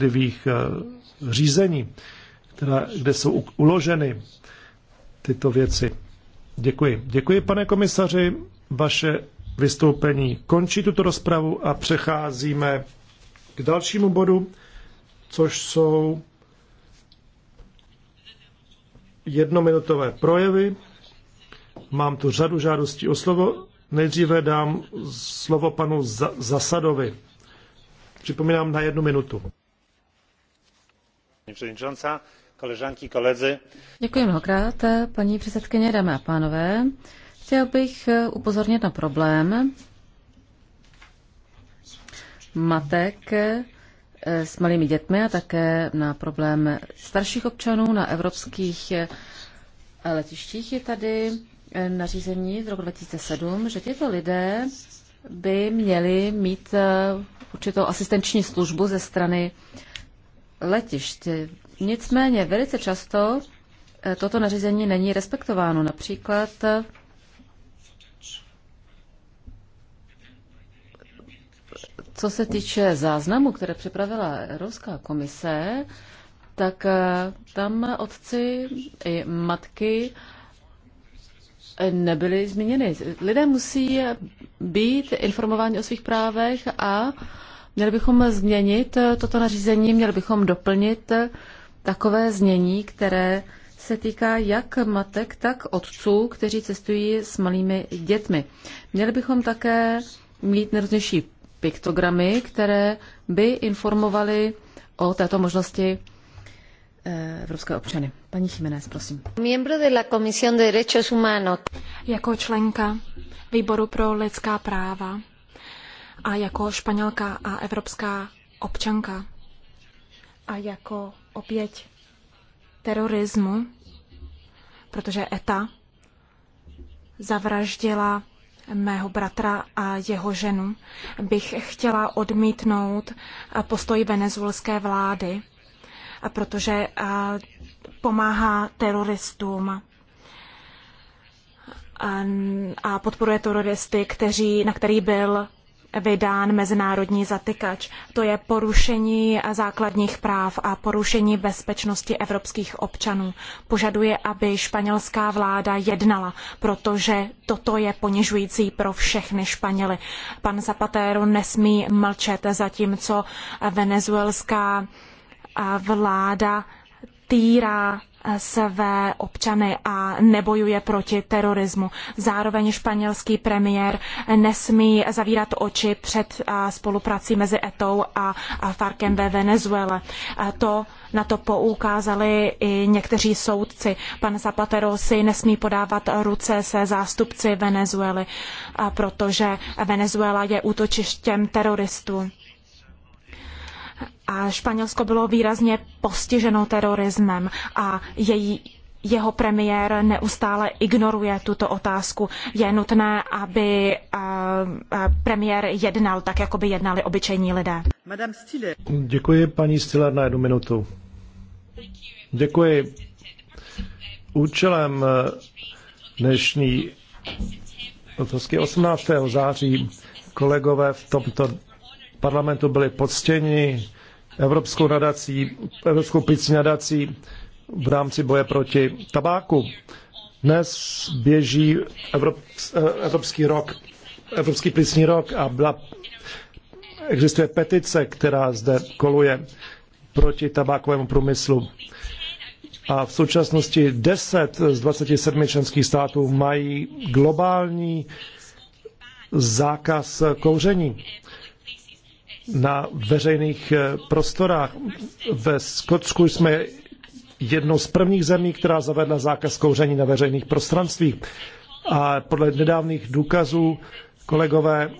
jednotlivých eh, řízení, která, kde jsou uloženy tyto věci. Děkuji. Děkuji, pane komisaři. Vaše vystoupení končí tuto rozpravu a přecházíme k dalšímu bodu, což jsou jednominutové projevy. Mám tu řadu žádostí o slovo. Nejdříve dám slovo panu Zasadovi. Připomínám na jednu minutu. Děkuji mnohokrát, paní předsedkyně, dámy a pánové. Chtěl bych upozornit na problém matek eh, s malými dětmi a také na problém starších občanů na evropských eh, letištích. Je tady eh, nařízení z roku 2007, že tyto lidé by měli mít určitou asistenční službu ze strany letišť. Nicméně velice často eh, toto nařízení není respektováno. Například eh, co se týče záznamu, které připravila Evropská komise, tak eh, tam otci i matky nebyly zmíněny. Lidé musí být informováni o svých právech a Měli bychom změnit eh, toto nařízení, měli bychom doplnit eh, takové znění, které se týká jak matek, tak otců, kteří cestují s malými dětmi. Měli bychom také mít nejrůznější piktogramy, které by informovaly o této možnosti eh, evropské občany. Paní Chimenez, prosím. Miembro de la Comisión de Derechos Humanos. Jako členka Výboru pro lidská práva a jako španělka a evropská občanka a jako oběť terorismu, protože ETA zavraždila mého bratra a jeho ženu, bych chtěla odmítnout postoj venezuelské vlády, protože pomáhá teroristům a podporuje teroristy, kteří, na který byl vydán mezinárodní zatykač. To je porušení základních práv a porušení bezpečnosti evropských občanů. Požaduje, aby španělská vláda jednala, protože toto je ponižující pro všechny Španěly. Pan Zapatero nesmí mlčet, zatímco venezuelská vláda týrá své občany a nebojuje proti terorismu. Zároveň španělský premiér nesmí zavírat oči před spoluprací mezi ETOU a Farkem ve Venezuele. To na to poukázali i někteří soudci. Pan Zapatero si nesmí podávat ruce se zástupci Venezuely, protože Venezuela je útočištěm teroristů. Španělsko bylo výrazně postiženo terorismem a její, jeho premiér neustále ignoruje tuto otázku. Je nutné, aby eh, eh, premiér jednal tak, jako by jednali obyčejní lidé. Děkuji, paní Stiller, na jednu minutu. Děkuji. Účelem eh, dnešní otázky 18. září kolegové v tomto parlamentu byli poctěni Evropskou nadací, Evropskou pící nadací v rámci boje proti tabáku. Dnes běží Evropský rok, Evropský plicní rok a byla, existuje petice, která zde koluje proti tabákovému průmyslu. A v současnosti 10 z 27 členských států mají globální zákaz kouření na veřejných eh, prostorách. Ve Skotsku jsme jednou z prvních zemí, která zavedla zákaz kouření na veřejných prostranstvích. A podle nedávných důkazů, kolegové,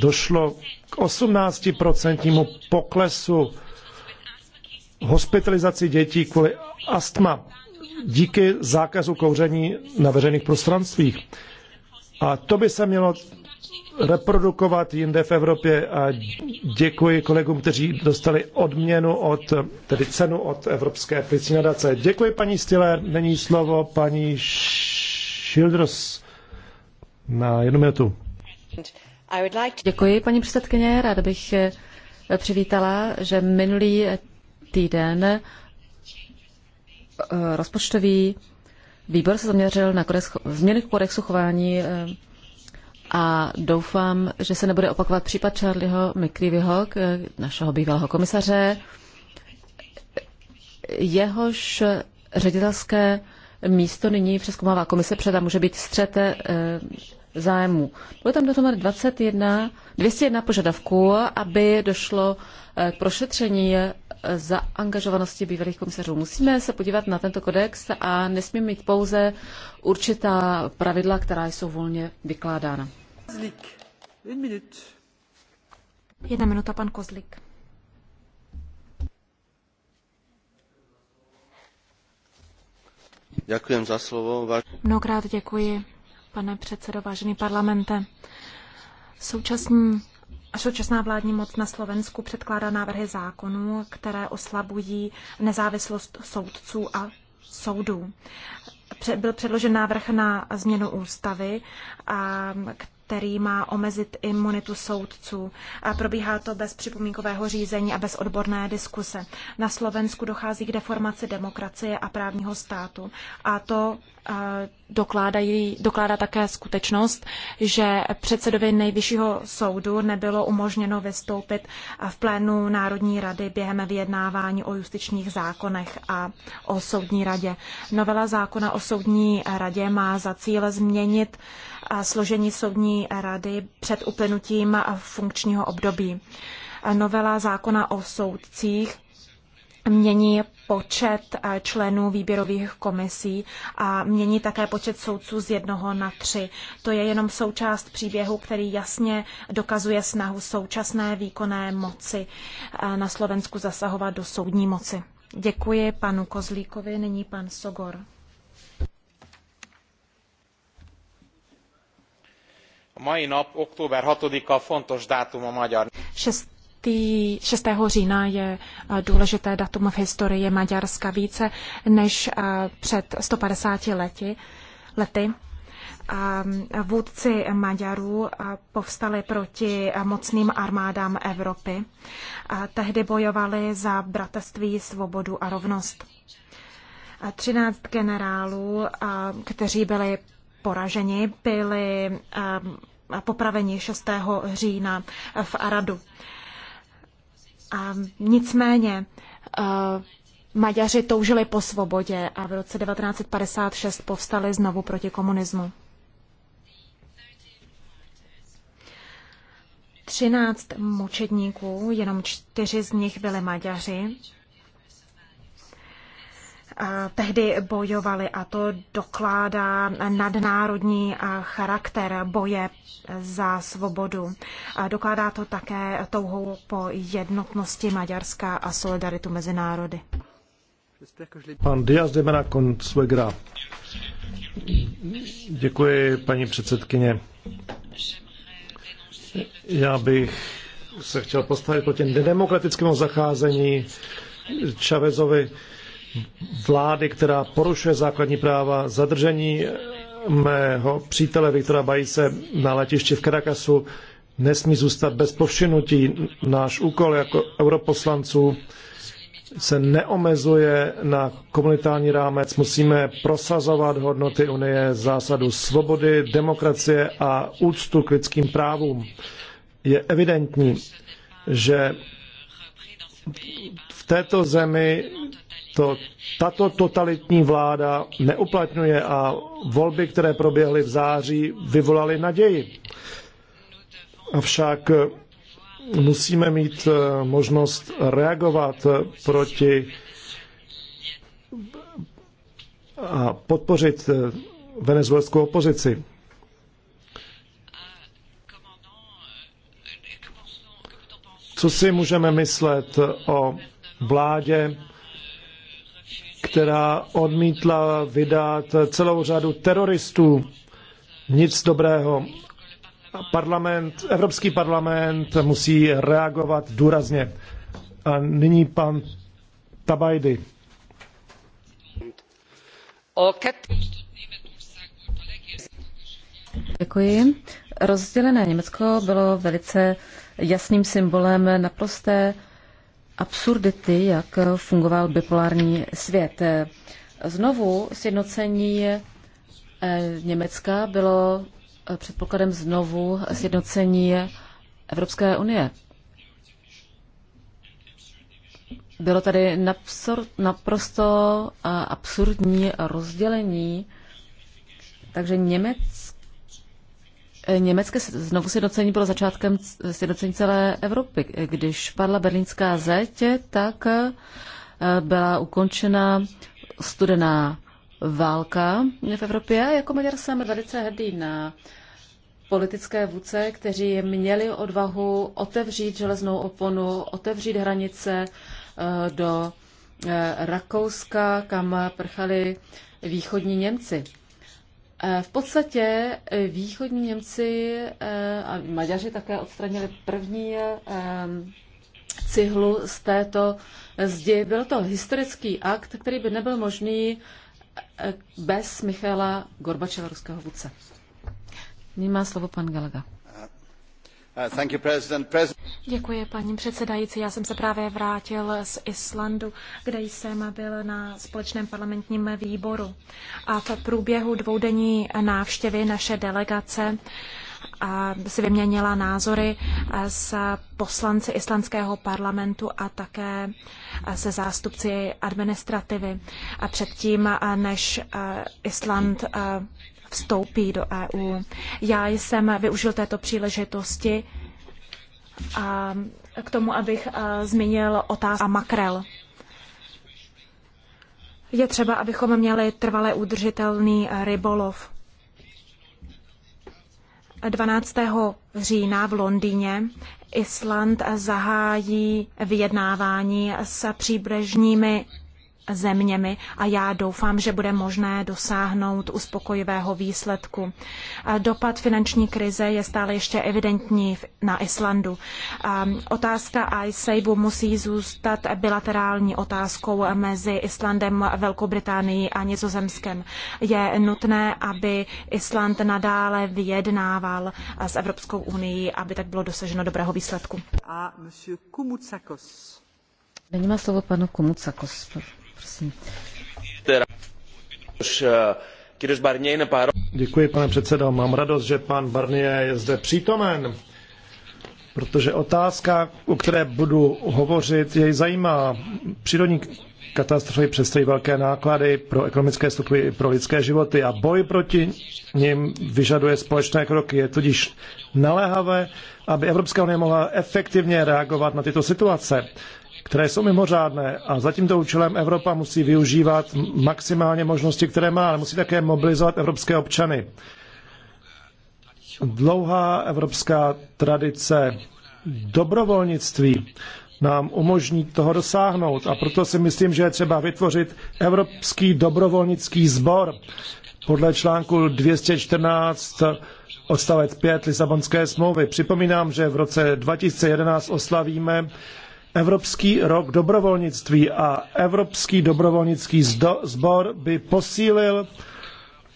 došlo k 18% poklesu hospitalizaci dětí kvůli astma díky zákazu kouření na veřejných prostranstvích. A to by se mělo reprodukovat jinde v Evropě a děkuji kolegům, kteří dostali odměnu od, tedy cenu od Evropské plicní nadace. Děkuji paní Stiller, není slovo paní Schilders na jednu minutu. Děkuji, paní předsedkyně. Ráda bych eh, přivítala, že minulý týden eh, rozpočtový výbor se zaměřil na kodex, změny kodexu chování eh, a doufám, že se nebude opakovat případ Charlieho McCreevyho, našeho bývalého komisaře. Jehož ředitelské místo nyní přeskumává komise před a může být střet e, zájmu. Bylo tam dohromady 21, 201 požadavků, aby došlo eh, k prošetření eh, za angažovanosti bývalých komisařů. Musíme se podívat na tento kodex a nesmíme mít pouze určitá pravidla, která jsou volně vykládána. Jedna minuta. pan Kozlik. Děkujem za slovo. Váž... Mnohokrát děkuji, pane předsedo, vážený parlamente. Současní současná vládní moc na Slovensku předkládá návrhy zákonů, které oslabují nezávislost soudců a soudů. Byl předložen návrh na změnu ústavy, a který má omezit imunitu soudců. A probíhá to bez připomínkového řízení a bez odborné diskuse. Na Slovensku dochází k deformaci demokracie a právního státu. A to dokládají, dokládá také skutečnost, že předsedovi nejvyššího soudu nebylo umožněno vystoupit v plénu Národní rady během vyjednávání o justičních zákonech a o soudní radě. Novela zákona o soudní radě má za cíl změnit složení soudní rady před uplynutím funkčního období. Novela zákona o soudcích mění počet eh, členů výběrových komisí a mění také počet soudců z jednoho na tři. To je jenom součást příběhu, který jasně dokazuje snahu současné výkonné moci eh, na Slovensku zasahovat do soudní moci. Děkuji panu Kozlíkovi, nyní pan Sogor. Mají nap, október 6-a fontos dátum a magyar. 6. 6. 6. října je eh, důležité datum v historii Maďarska více než eh, před 150 lety. lety. Eh, vůdci Maďarů povstali proti mocným armádám Evropy. Tehdy bojovali za bratrství, svobodu a rovnost. 13 generálů, kteří byli poraženi, byli popraveni 6. října v Aradu. A nicméně eh, Maďaři toužili po svobodě a v roce 1956 povstali znovu proti komunismu. 13 mučedníků, jenom čtyři z nich byli Maďaři, tehdy bojovali a to dokládá nadnárodní charakter boje za svobodu. Dokládá to také touhou po jednotnosti Maďarska a solidaritu mezi národy. Pan Diaz de Menacon Svegra. Děkuji, paní předsedkyně. Já bych se chtěl postavit proti nedemokratickému zacházení Čavezovi vlády, která porušuje základní práva, zadržení mého přítele Viktora Bajse na letišti v Karakasu nesmí zůstat bez povšinutí. Náš úkol jako europoslanců se neomezuje na komunitární rámec. Musíme prosazovat hodnoty Unie, zásadu svobody, demokracie a úctu k lidským právům. Je evidentní, že v této zemi to, tato totalitní vláda neuplatňuje a volby, které proběhly v září, vyvolaly naději. Avšak eh, musíme mít eh, možnost reagovat eh, proti a podpořit venezuelskou opozici. Co si můžeme myslet o vládě která odmítla vydat celou řadu teroristů. Nic dobrého. Parlament, Evropský parlament musí reagovat důrazně. A nyní pan Tabajdy. Děkuji. Rozdělené Německo bylo velice jasným symbolem naprosté absurdity, jak fungoval bipolární svět. Znovu sjednocení eh, Německa bylo eh, předpokladem znovu sjednocení Evropské unie. Bylo tady naprosto eh, absurdní rozdělení, takže Němec Eh, Německé znovu sjednocení bylo začátkem eh, sjednocení celé Evropy. Eh, Když padla berlínská zeď, tak byla ukončena studená válka v Evropě. Jako Maďar jsem velice hrdý na politické vůdce, kteří měli odvahu otevřít železnou oponu, otevřít hranice do Rakouska, kam prchali východní Němci. Eh, v podstatě eh, východní Němci eh, a Maďaři také odstranili první cihlu z této zdi. Byl to historický akt, který by nebyl možný bez Michaela Gorbačeva, ruského vůdce. Nyní má slovo pan Galaga. Uh, Děkuji, paní předsedající. Já jsem se právě vrátil z Islandu, kde jsem byl na společném parlamentním výboru. A v průběhu dvoudenní návštěvy naše delegace si vyměnila názory s poslanci islandského parlamentu a také se zástupci administrativy. A předtím, než Island vstoupí do EU. Já jsem využil této příležitosti a k tomu, abych zmínil otázku makrel. Je třeba, abychom měli trvale udržitelný rybolov. 12. října v Londýně Island zahájí vyjednávání s příbřežními zeměmi a já doufám, že bude možné dosáhnout uspokojivého výsledku. Dopad finanční krize je stále ještě evidentní na Islandu. Otázka iSaveu musí zůstat bilaterální otázkou mezi Islandem, Velkou Británií a Nizozemskem. Je nutné, aby Island nadále vyjednával s Evropskou unii, aby tak bylo dosaženo dobrého výsledku. A Nyní má slovo panu Komucakos. Děkuji, pane předsedo. Mám radost, že pan Barnier je zde přítomen, protože otázka, o které budu hovořit, jej zajímá. Přírodní katastrofy představují velké náklady pro ekonomické stopy i pro lidské životy a boj proti nim vyžaduje společné kroky. Je tudíž naléhavé, aby Evropská unie mohla efektivně reagovat na tyto situace které jsou mimořádné a za tímto účelem Evropa musí využívat maximálně možnosti, které má, ale musí také mobilizovat evropské občany. Dlouhá evropská tradice dobrovolnictví nám umožní toho dosáhnout a proto si myslím, že je třeba vytvořit Evropský dobrovolnický sbor podle článku 214 odstavec 5 Lisabonské smlouvy. Připomínám, že v roce 2011 oslavíme Evropský rok dobrovolnictví a Evropský dobrovolnický sbor by posílil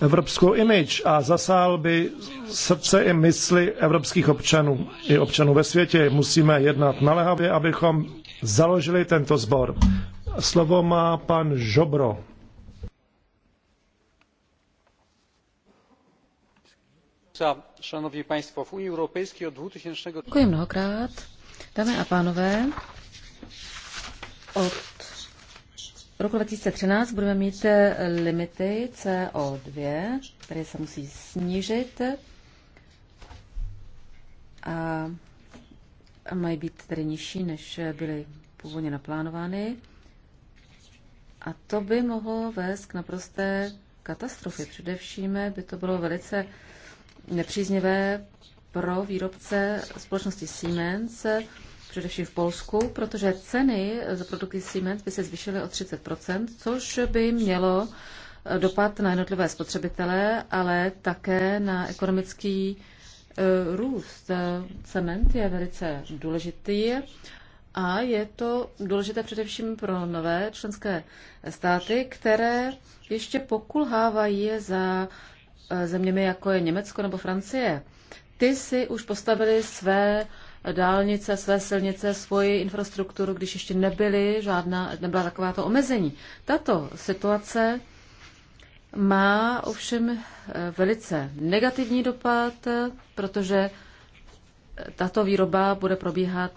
evropskou image a zasál by srdce i mysli evropských občanů i občanů ve světě. Musíme jednat naléhavě, abychom založili tento sbor. Slovo má pan Žobro. Děkuji mnohokrát. Dámy a pánové, od roku 2013 budeme mít eh, limity CO2, které se musí snížit a mají být tedy nižší, než byly původně naplánovány. A to by mohlo vést k naprosté katastrofě. Především by to bylo velice nepříznivé pro výrobce společnosti Siemens, především v Polsku, protože ceny za produkty Siemens by se zvýšily o 30 což by mělo eh, dopad na jednotlivé spotřebitele, ale také na ekonomický eh, růst. Eh, cement je velice důležitý a je to důležité především pro nové členské státy, které ještě pokulhávají za zeměmi, jako je Německo nebo Francie. Ty si už postavili své dálnice, své silnice, svoji infrastrukturu, když ještě nebyly žádná, nebyla taková to omezení. Tato situace má ovšem eh, velice negativní dopad, protože tato výroba bude probíhat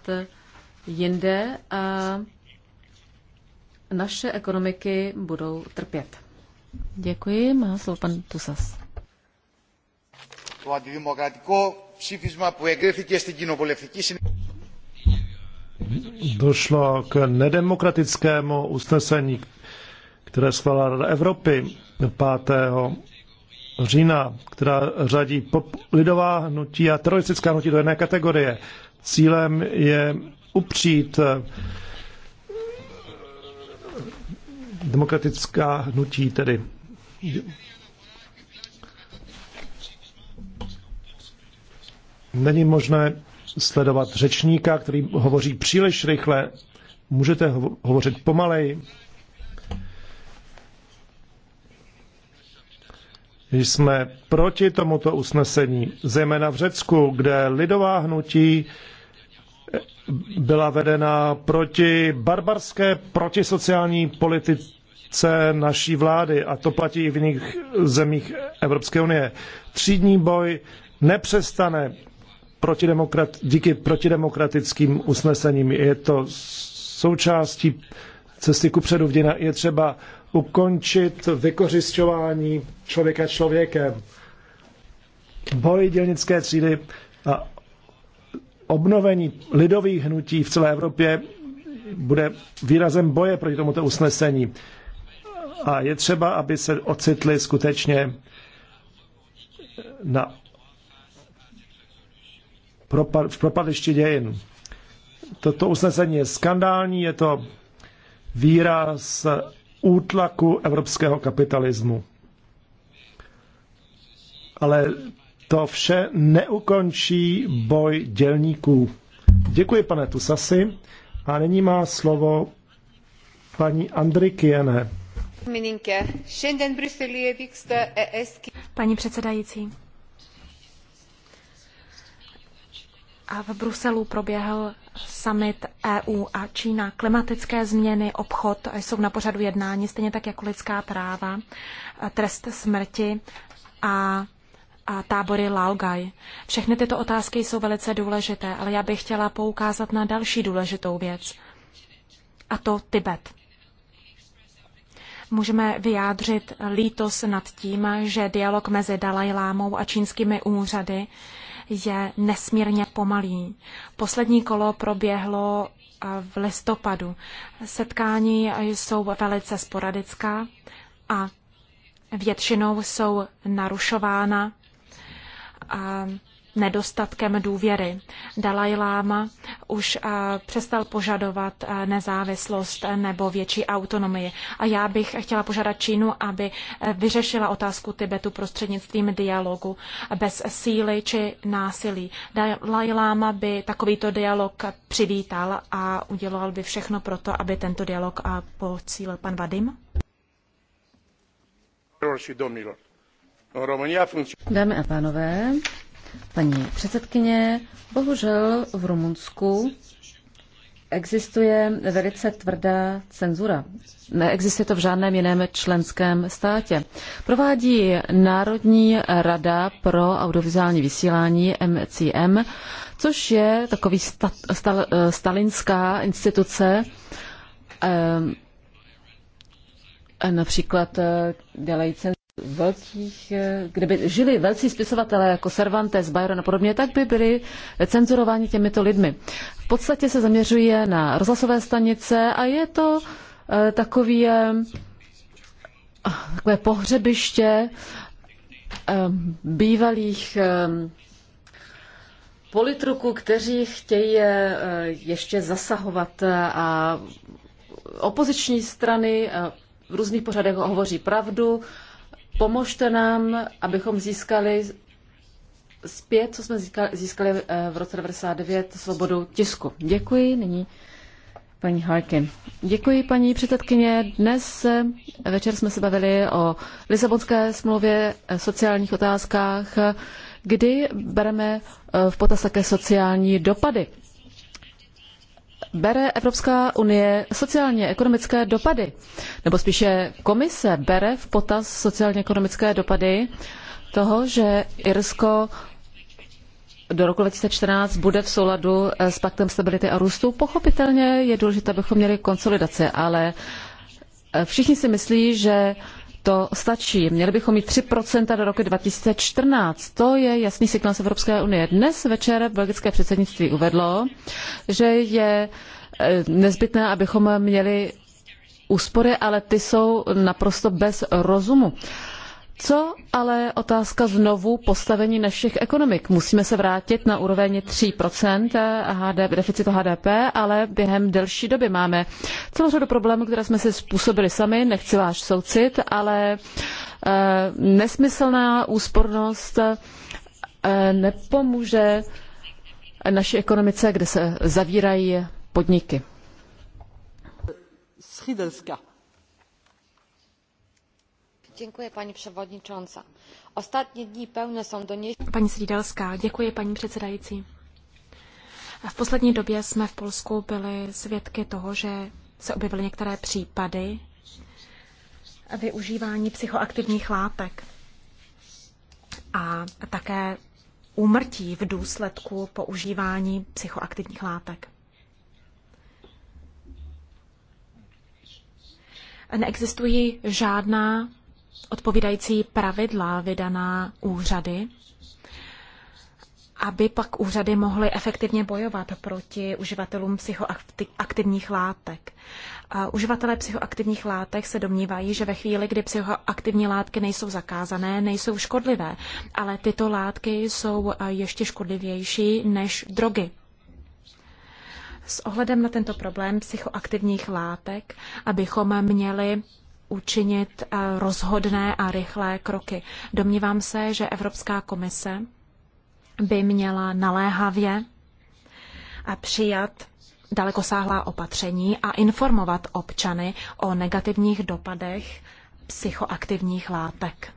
jinde a naše ekonomiky budou trpět. Děkuji, má slovo pan Tusas το αντιδημοκρατικό ψήφισμα που εγκρίθηκε στην κοινοβουλευτική συνέλευση. Došlo k nedemokratickému usnesení, které schválila Rada Evropy 5. října, která řadí pop, lidová hnutí a teroristická hnutí do jedné kategorie. Cílem je upřít eh, demokratická hnutí, tedy Není možné sledovat řečníka, který hovoří příliš rychle. Můžete hovořit pomaleji. Jsme proti tomuto usnesení, zejména v Řecku, kde lidová hnutí byla vedena proti barbarské protisociální politice naší vlády a to platí i v jiných zemích Evropské unie. Třídní boj nepřestane protidemokrat, díky protidemokratickým usnesením. Je to součástí cesty kupředu v dějinách. Je třeba ukončit vykořišťování člověka člověkem. Boj dělnické třídy a obnovení lidových hnutí v celé Evropě bude výrazem boje proti tomuto usnesení. A je třeba, aby se ocitli skutečně na v propadlišti dějin. Toto usnesení je skandální, je to výraz útlaku evropského kapitalismu. Ale to vše neukončí boj dělníků. Děkuji, pane Tusasi. A nyní má slovo paní Andrikiene. E paní předsedající, A v Bruselu proběhl summit EU a Čína. Klimatické změny, obchod jsou na pořadu jednání, stejně tak jako lidská práva, trest smrti a, a tábory Laogai. Všechny tyto otázky jsou velice důležité, ale já bych chtěla poukázat na další důležitou věc, a to Tibet. Můžeme vyjádřit lítos nad tím, že dialog mezi Dalajlámou a čínskými úřady je nesmírně pomalý. Poslední kolo proběhlo eh, v listopadu. Setkání jsou velice sporadická a většinou jsou narušována eh, nedostatkem důvěry. Dalaj Lama už přestal požadovat nezávislost nebo větší autonomii. A já bych chtěla požádat Čínu, aby e, vyřešila otázku Tibetu prostřednictvím dialogu bez síly či násilí. Dalaj Lama by takovýto dialog přivítal a udělal by všechno pro to, aby tento dialog pocílil pan Vadim. Dámy a pánové, Paní předsedkyně, bohužel v Rumunsku existuje velice tvrdá cenzura. Neexistuje to v žádném jiném členském státě. Provádí Národní rada pro audiovizuální vysílání MCM, což je takový sta, sta, eh, stalinská instituce, eh, například eh, dělají cenzuru velkých, eh, kdyby žili velcí spisovatelé jako Cervantes, Byron a podobně, tak by byli cenzurováni těmito lidmi. V podstatě se zaměřuje na rozhlasové stanice a je to eh, takový, eh, takové pohřebiště bývalých politruků, kteří chtějí ještě zasahovat a opoziční strany v různých pořadech hovoří pravdu Pomožte nám, abychom získali zpět, co jsme získali eh, v roce 99, svobodu tisku. Děkuji. Nyní paní Harkin. Děkuji, paní předsedkyně. Dnes eh, večer jsme se bavili o Lisabonské smlouvě, eh, sociálních otázkách, kdy bereme v potaz také sociální dopady bere Evropská unie sociálně ekonomické dopady, nebo spíše komise bere v potaz sociálně ekonomické dopady toho, že Irsko do roku 2014 bude v souladu eh, s paktem stability a růstu. Pochopitelně je důležité, abychom měli konsolidaci, ale eh, všichni si myslí, že to stačí. Měli bychom mít 3% do roku 2014. To je jasný signál z Evropské unie. Dnes večer belgické předsednictví uvedlo, že je eh, nezbytné, abychom měli úspory, ale ty jsou naprosto bez rozumu. Uh, co ale otázka znovu postavení našich ekonomik? Musíme se vrátit na úroveň 3% eh, HDP, deficitu HDP, ale během delší doby máme celou řadu problémů, které jsme si způsobili sami, nechci váš soucit, ale e, nesmyslná úspornost e, nepomůže naší ekonomice, kde se zavírají podniky. Děkuji, paní předsedající. Ostatní dní pevné jsou doniesení. Paní Svídelská, děkuji, paní předsedající. V poslední době jsme v Polsku byli svědky toho, že se objevily některé případy využívání psychoaktivních látek a také úmrtí v důsledku používání psychoaktivních látek. Neexistují žádná odpovídající pravidla vydaná úřady, aby pak úřady mohly efektivně bojovat proti uživatelům psychoaktivních látek. Uživatelé psychoaktivních látek se domnívají, že ve chvíli, kdy psychoaktivní látky nejsou zakázané, nejsou škodlivé, ale tyto látky jsou ještě škodlivější než drogy. S ohledem na tento problém psychoaktivních látek, abychom měli učinit eh, rozhodné a rychlé kroky. Domnívám se, že Evropská komise by měla naléhavě a eh, přijat dalekosáhlá opatření a informovat občany o negativních dopadech psychoaktivních látek.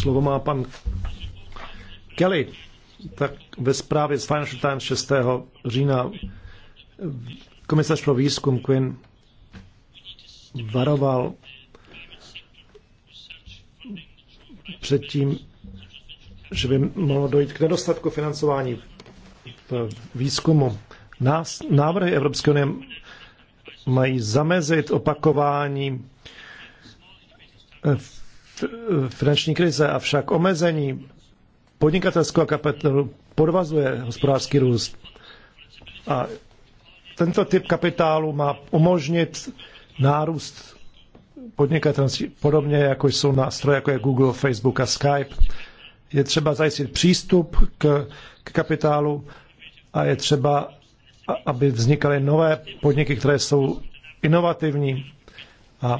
Slovo má pan Kelly. Tak ve zprávě z Financial Times 6. října komisař pro výzkum Quinn varoval před tím, že by mohlo dojít k nedostatku financování v výzkumu. Nás, návrhy Evropské unie mají zamezit opakování eh, eh, finanční krize, avšak omezení podnikatelského kapitálu podvazuje hospodářský růst. A tento typ kapitálu má umožnit nárůst podnikatelství, podobně jako jsou nástroje, jako je Google, Facebook a Skype. Je třeba zajistit přístup k, k kapitálu a je třeba, aby vznikaly nové podniky, které jsou inovativní a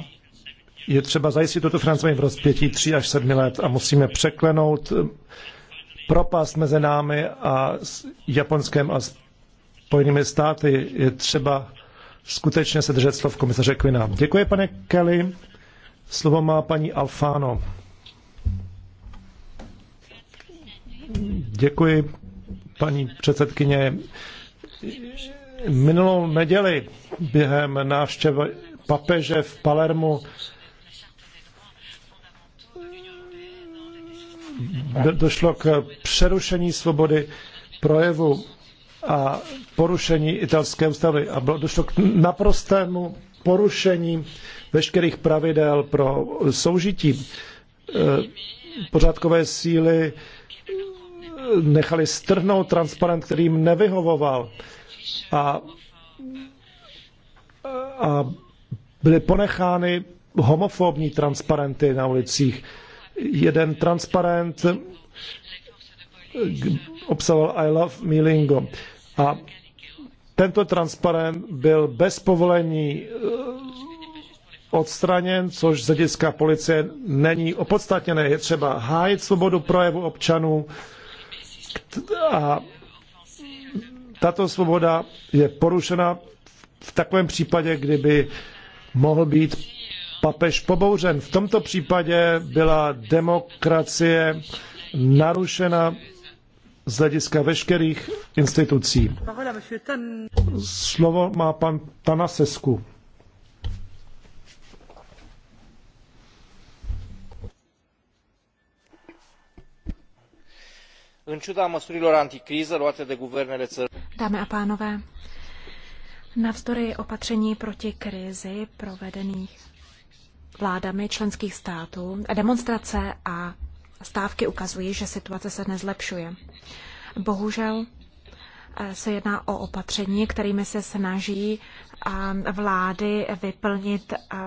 je třeba zajistit toto financování v rozpětí 3 až 7 let a musíme překlenout propast mezi námi a Japonskem a Spojenými státy. Je třeba skutečně se držet slov komisaře Kvina. Děkuji, pane Kelly. Slovo má paní Alfano. Děkuji, paní předsedkyně. Minulou neděli během návštěvy papeže v Palermu došlo k přerušení svobody projevu a porušení italské ústavy. A bylo došlo k naprostému porušení veškerých pravidel pro soužití. E, pořádkové síly e, nechali strhnout transparent, který jim nevyhovoval a, a byly ponechány homofobní transparenty na ulicích. Jeden transparent e, obsahoval I love Milingo. A tento transparent byl bez povolení eh, odstraněn, což z hlediska policie není opodstatněné. Je třeba hájit svobodu projevu občanů a tato svoboda je porušena v takovém případě, kdyby mohl být papež pobouřen. V tomto případě byla demokracie narušena z hlediska veškerých institucí. Slovo má pan Tanasesku. În ciuda măsurilor anticriză luate de guvernele Dámy a pánové, navzdory opatření proti krizi provedených vládami členských států, demonstrace a stávky ukazují, že situace se nezlepšuje. Bohužel eh, se jedná o opatření, kterými se snaží eh, vlády vyplnit eh,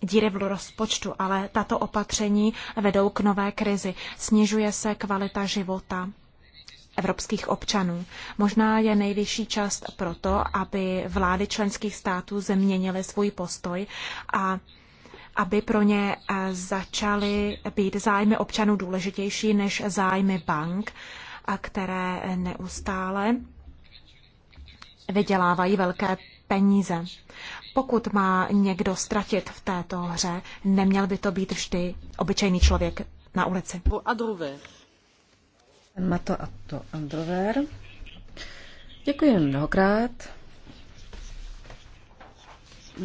díry v rozpočtu, ale tato opatření vedou k nové krizi. Snižuje se kvalita života evropských občanů. Možná je nejvyšší čas proto, aby vlády členských států změnily svůj postoj a aby pro ně eh, začaly být zájmy občanů důležitější než zájmy bank, a které eh, neustále vydělávají velké peníze. Pokud má někdo ztratit v této hře, neměl by to být vždy obyčejný člověk na ulici. Mato a to Androver. Děkuji mnohokrát.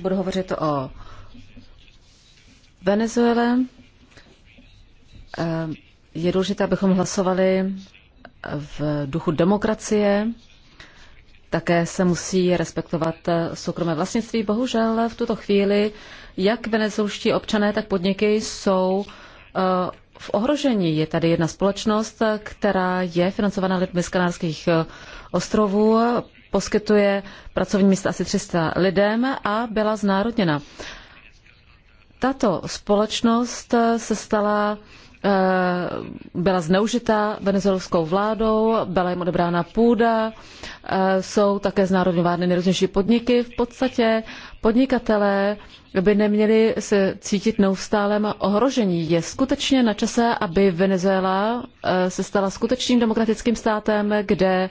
Budu hovořit o Venezuele eh, je důležité, abychom hlasovali v duchu demokracie. Také se musí respektovat soukromé vlastnictví. Bohužel v tuto chvíli jak venezuelští občané, tak podniky jsou eh, v ohrožení. Je tady jedna společnost, která je financovaná lidmi z Kanárských eh, ostrovů, poskytuje pracovní místa asi 300 lidem a byla znárodněna. Tato společnost eh, se stala eh, byla zneužita venezuelskou vládou, byla jim odebrána půda, eh, jsou také znárodňovány nejrůznější podniky. V podstatě podnikatelé by neměli se cítit neustálem ohrožení. Je skutečně na čase, aby Venezuela se stala skutečným demokratickým státem, kde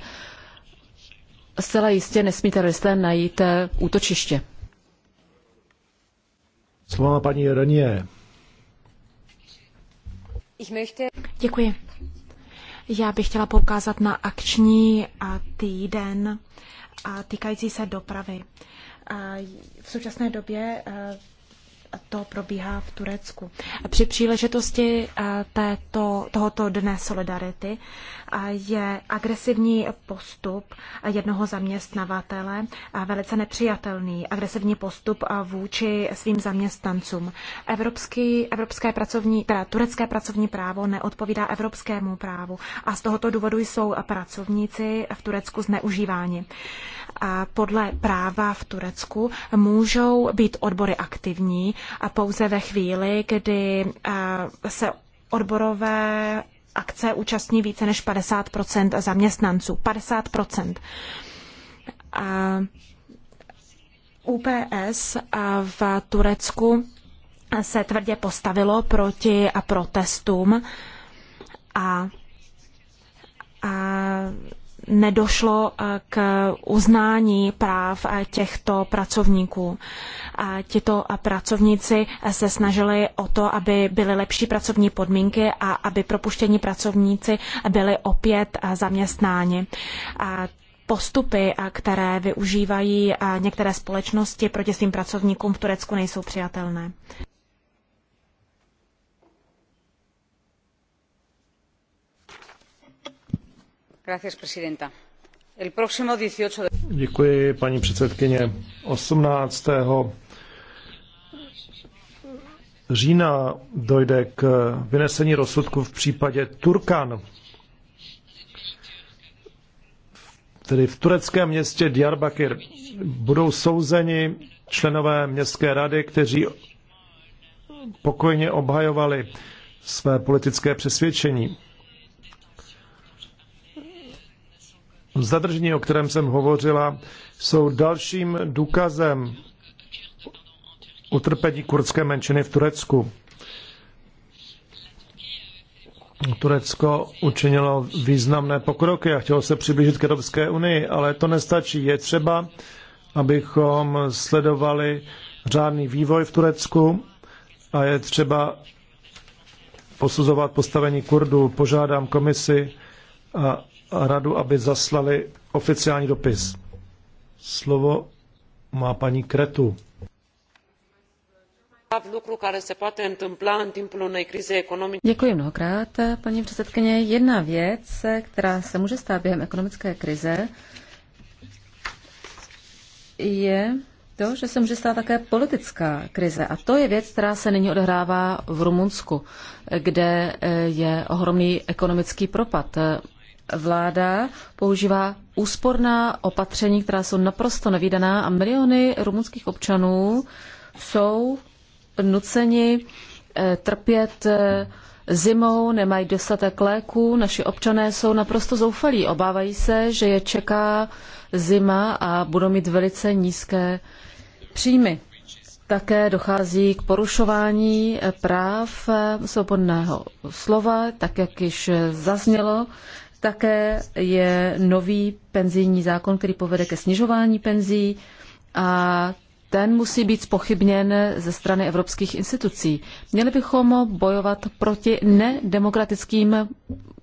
zcela jistě nesmí teroristé najít útočiště. Slovo má paní Renie. Děkuji. Já bych chtěla poukázat na akční týden týkající se dopravy. V současné době to probíhá v Turecku. Při příležitosti eh, této, tohoto dne solidarity eh, je agresivní postup jednoho zaměstnavatele eh, velice nepřijatelný. Agresivní postup vůči svým zaměstnancům. Evropský, evropské pracovní, teda turecké pracovní právo neodpovídá evropskému právu a z tohoto důvodu jsou pracovníci v Turecku zneužíváni. Podle práva v Turecku můžou být odbory aktivní, a pouze ve chvíli, kdy se odborové akce účastní více než 50 zaměstnanců. 50 a UPS v Turecku se tvrdě postavilo proti protestům a, a nedošlo eh, k uznání práv eh, těchto pracovníků. Eh, tito pracovníci se snažili o to, aby byly lepší pracovní podmínky a aby propuštění pracovníci byli opět zaměstnáni postupy, které využívají některé společnosti proti svým pracovníkům v Turecku, nejsou přijatelné. Děkuji, paní předsedkyně. 18. října dojde k vynesení rozsudku v případě Turkan, tedy v tureckém městě Diyarbakir. Budou souzeni členové městské rady, kteří pokojně obhajovali své politické přesvědčení. Zadržení, o kterém jsem hovořila, jsou dalším důkazem utrpení kurdské menšiny v Turecku. Turecko učinilo významné pokroky a chtělo se přiblížit k Evropské unii, ale to nestačí. Je třeba, abychom sledovali řádný vývoj v Turecku a je třeba posuzovat postavení Kurdů. Požádám komisi a radu, aby zaslali oficiální dopis. Slovo má paní Kretu. Děkuji mnohokrát, paní předsedkyně. Jedna věc, která se může stát během ekonomické krize, je to, že se může stát také politická krize. A to je věc, která se nyní odehrává v Rumunsku, kde je ohromný ekonomický propad vláda používá úsporná opatření, která jsou naprosto nevýdaná a miliony rumunských občanů jsou nuceni eh, trpět eh, zimou, nemají dostatek léků, naši občané jsou naprosto zoufalí, obávají se, že je čeká zima a budou mít velice nízké příjmy. Také dochází k porušování eh, práv svobodného slova, tak jak již zaznělo také je nový penzijní zákon, který povede ke snižování penzí a ten musí být spochybněn ze strany evropských institucí. Měli bychom bojovat proti nedemokratickým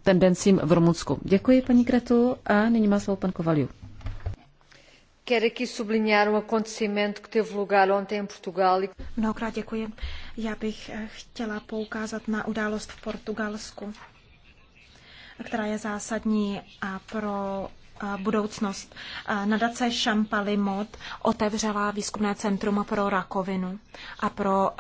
tendencím v Rumunsku. Děkuji, paní Kretu, a nyní má slovo pan Kovaliu. Um e- Mnohokrát děkuji. Já bych eh, chtěla poukázat na událost v Portugalsku která je zásadní a pro budoucnost. Nadace šampalimot Mod otevřela výzkumné centrum pro rakovinu a pro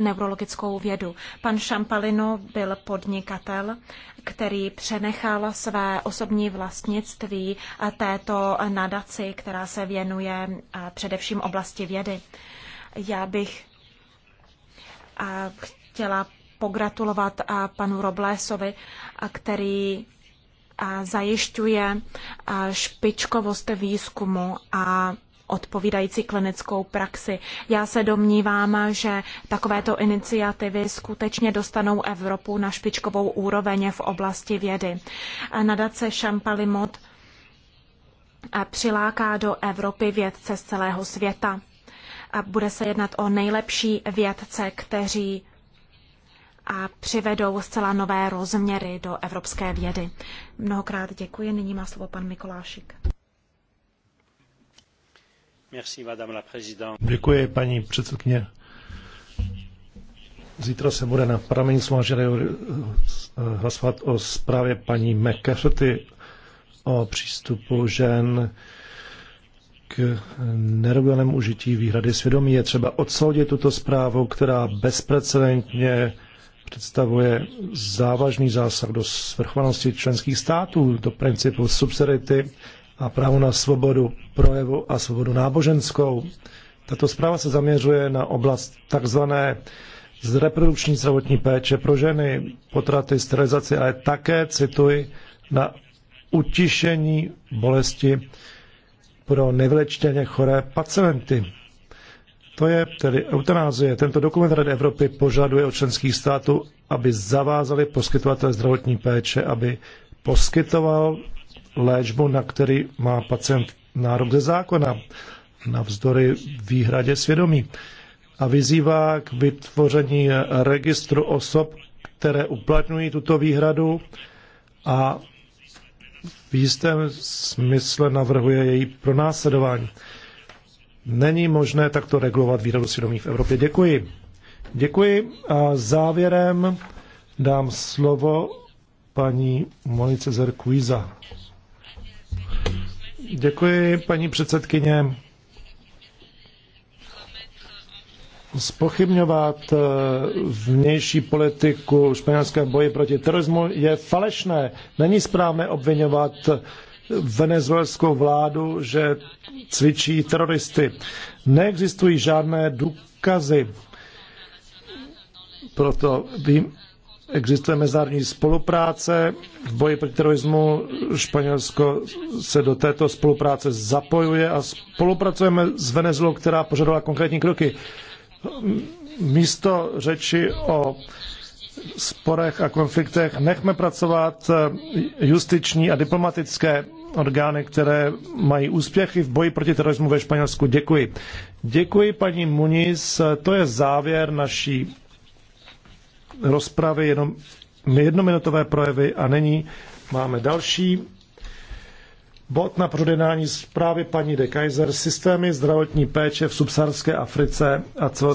neurologickou vědu. Pan Šampalino byl podnikatel, který přenechal své osobní vlastnictví této nadaci, která se věnuje především oblasti vědy. Já bych chtěla pogratulovat panu Roblesovi, který zajišťuje špičkovost výzkumu a odpovídající klinickou praxi. Já se domnívám, že takovéto iniciativy skutečně dostanou Evropu na špičkovou úroveň v oblasti vědy. Nadace Šampalimot přiláká do Evropy vědce z celého světa. Bude se jednat o nejlepší vědce, kteří a přivedou zcela nové rozměry do evropské vědy. Mnohokrát děkuji. Nyní má slovo pan Mikolášik. Děkuji, paní předsedkyně. Zítra se bude na parlamentní shromáždění hlasovat o zprávě paní McCarthy o přístupu žen k nerovnému užití výhrady svědomí. Je třeba odsoudit tuto zprávu, která bezprecedentně představuje závažný zásah do svrchovanosti členských států, do principu subsidiarity a právo na svobodu projevu a svobodu náboženskou. Tato zpráva se zaměřuje na oblast takzvané z reprodukční zdravotní péče pro ženy, potraty, sterilizaci, ale také, cituji, na utišení bolesti pro nevylečitelně choré pacienty. To je tedy eutanázie. Tento dokument Rady Evropy požaduje od členských států, aby zavázali poskytovatele zdravotní péče, aby poskytoval léčbu, na který má pacient nárok ze zákona, navzdory výhradě svědomí. A vyzývá k vytvoření registru osob, které uplatňují tuto výhradu a v jistém smysle navrhuje její pronásledování. Není možné takto regulovat výrobu svědomí v Evropě. Děkuji. Děkuji a závěrem dám slovo paní Monice Zerkuiza. Děkuji, paní předsedkyně. Spochybňovat eh, vnější politiku španělské boje proti terorismu je falešné. Není správné obvinovat venezuelskou vládu, že cvičí teroristy. Neexistují žádné důkazy. Proto vím, existuje mezinárodní spolupráce v boji proti terorismu. Španělsko se do této spolupráce zapojuje a spolupracujeme s Venezuelou, která požadovala konkrétní kroky. Místo řeči o sporech a konfliktech nechme pracovat justiční a diplomatické orgány, které mají úspěchy v boji proti terorismu ve Španělsku. Děkuji. Děkuji, paní Muniz. To je závěr naší rozpravy, jenom jednominutové projevy a není. Máme další bod na prodenání zprávy paní de Kaiser, systémy zdravotní péče v subsaharské Africe a celos